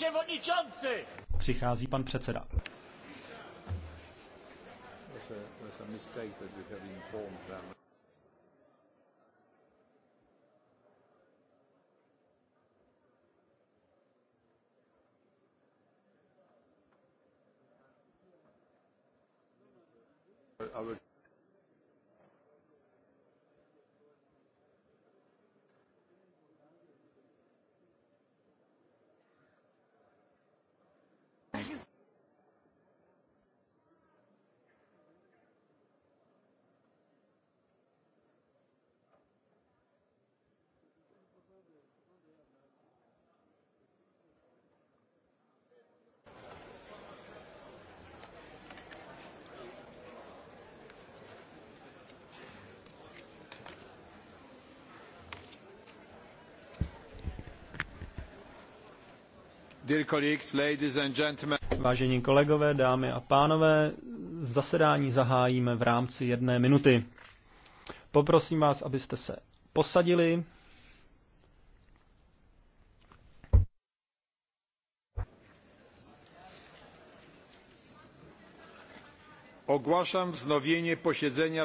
převodničanci! Přichází pan předseda. would Vážení kolegové, dámy a pánové, zasedání zahájíme v rámci jedné minuty. Poprosím vás, abyste se posadili. Ogłaszam wznowienie posiedzenia